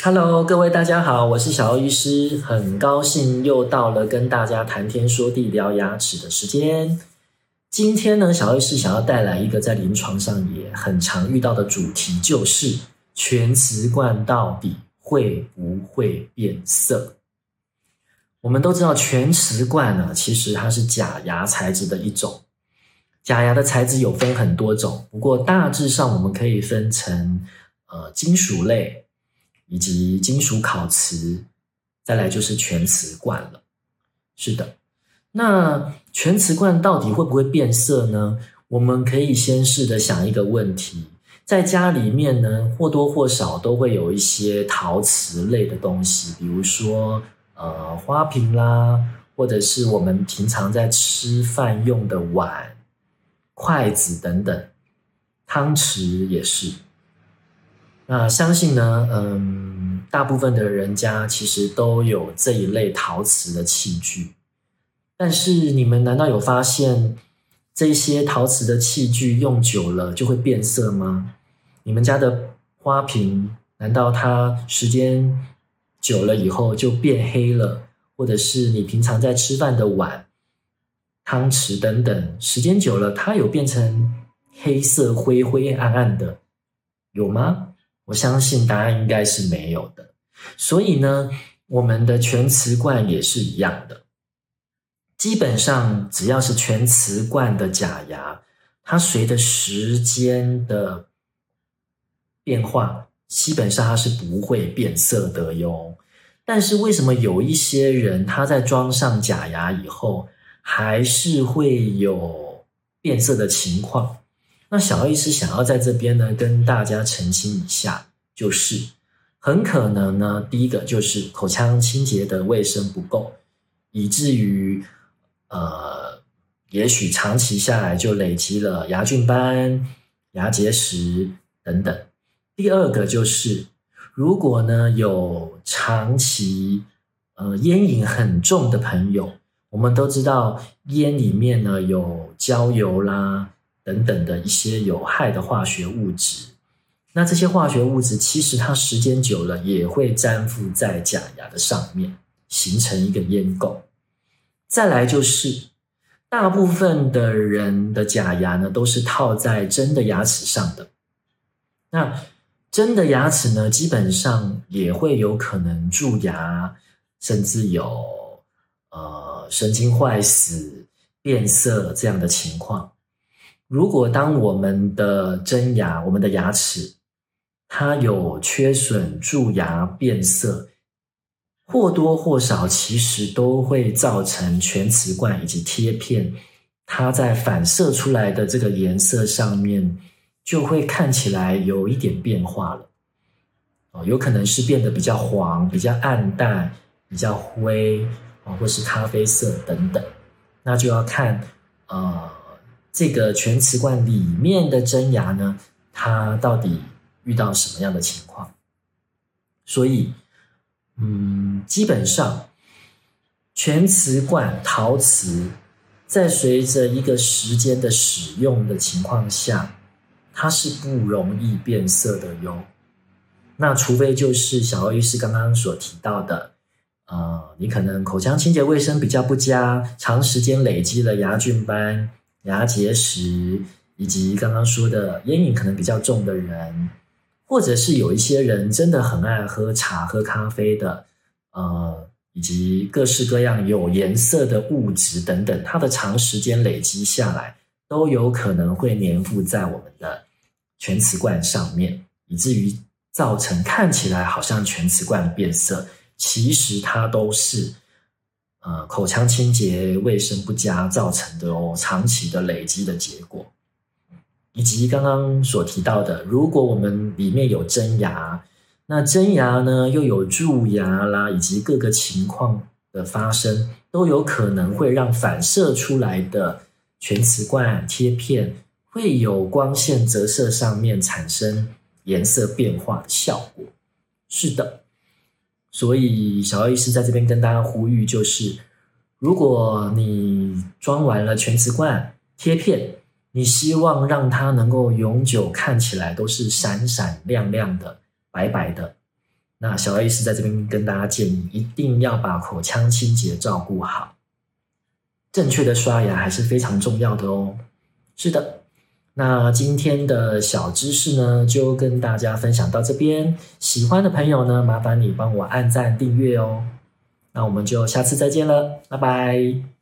Hello，各位大家好，我是小歐醫師，很高興又到了跟大家談天說地聊牙齒的時間。今天呢，小歐醫師想要帶來一個在臨床上也很常遇到的主題，就是全瓷冠到底會不會變色？我們都知道，全瓷冠呢，其實它是假牙材質的一種。假牙的材質有分很多種，不過大致上我們可以分成，呃，金屬類。以及金屬烤瓷，再來就是全瓷冠了。是的，那全瓷冠到底會不會變色呢？我們可以先試着想一個問題：在家裡面呢，或多或少都會有一些陶瓷類的東西，比如說呃花瓶啦，或者是我們平常在吃飯用的碗、筷子等等，湯匙也是。那相信呢，嗯，大部分的人家其實都有這一類陶瓷的器具，但是你們難道有發現這些陶瓷的器具用久了就會變色嗎？你們家的花瓶難道它時間久了以後就變黑了？或者是你平常在吃飯的碗、湯匙等等，時間久了它有變成黑色、灰灰暗暗的，有嗎？我相信答案應該是沒有的，所以呢，我們的全瓷冠也是一樣的。基本上只要是全瓷冠的假牙，它隨着時間的變化，基本上它是不會變色的喲。但是為什麼有一些人他在裝上假牙以後，還是會有變色的情況？那小艾醫師想要在這邊呢跟大家澄清一下，就是很可能呢，第一個就是口腔清潔的衛生不夠，以至於呃，也許長期下來就累積了牙菌斑、牙結石等等。第二個就是如果呢有長期呃菸癮很重的朋友，我們都知道菸裡面呢有焦油啦。等等的一些有害的化學物質，那這些化學物質其實它時間久了也會粘附在假牙的上面，形成一個煙垢。再來就是，大部分的人的假牙呢都是套在真的牙齒上的，那真的牙齒呢基本上也會有可能蛀牙，甚至有呃神經壞死、變色這樣的情況。如果當我們的真牙、我們的牙齒它有缺損、蛀牙、變色，或多或少其實都會造成全瓷冠以及貼片它在反射出來的這個顏色上面就會看起來有一點變化了。哦，有可能是變得比較黃、比較暗淡、比較灰啊、哦，或是咖啡色等等。那就要看，呃。這個全瓷冠裡面的真牙呢，它到底遇到什麼樣的情況？所以，嗯，基本上全瓷冠陶瓷在隨着一個時間的使用的情況下，它是不容易變色的喲。那除非就是小歐醫師剛剛所提到的，呃，你可能口腔清潔衛生比較不佳，長時間累積了牙菌斑。牙結石以及剛剛說的煙癮可能比較重的人，或者是有一些人真的很愛喝茶、喝咖啡的，呃，以及各式各樣有顏色的物質等等，它的長時間累積下來，都有可能會粘附在我們的全瓷冠上面，以至於造成看起來好像全瓷冠變色，其實它都是。呃、嗯，口腔清潔衛生不佳造成的哦，長期的累積的結果，以及剛剛所提到的，如果我們裡面有真牙，那真牙呢又有蛀牙啦，以及各個情況的發生，都有可能會讓反射出來的全瓷冠貼片會有光線折射上面產生顏色變化的效果。是的。所以，小 A 醫師在這邊跟大家呼籲，就是，如果你裝完了全瓷冠貼片，你希望讓它能夠永久看起來都是閃閃亮亮的、白白的，那小 A 醫師在這邊跟大家建議，一定要把口腔清潔照顧好，正確的刷牙還是非常重要的哦。是的。那今天的小知識呢，就跟大家分享到這邊。喜歡的朋友呢，麻煩你幫我按贊訂閱哦。那我們就下次再見了，拜拜。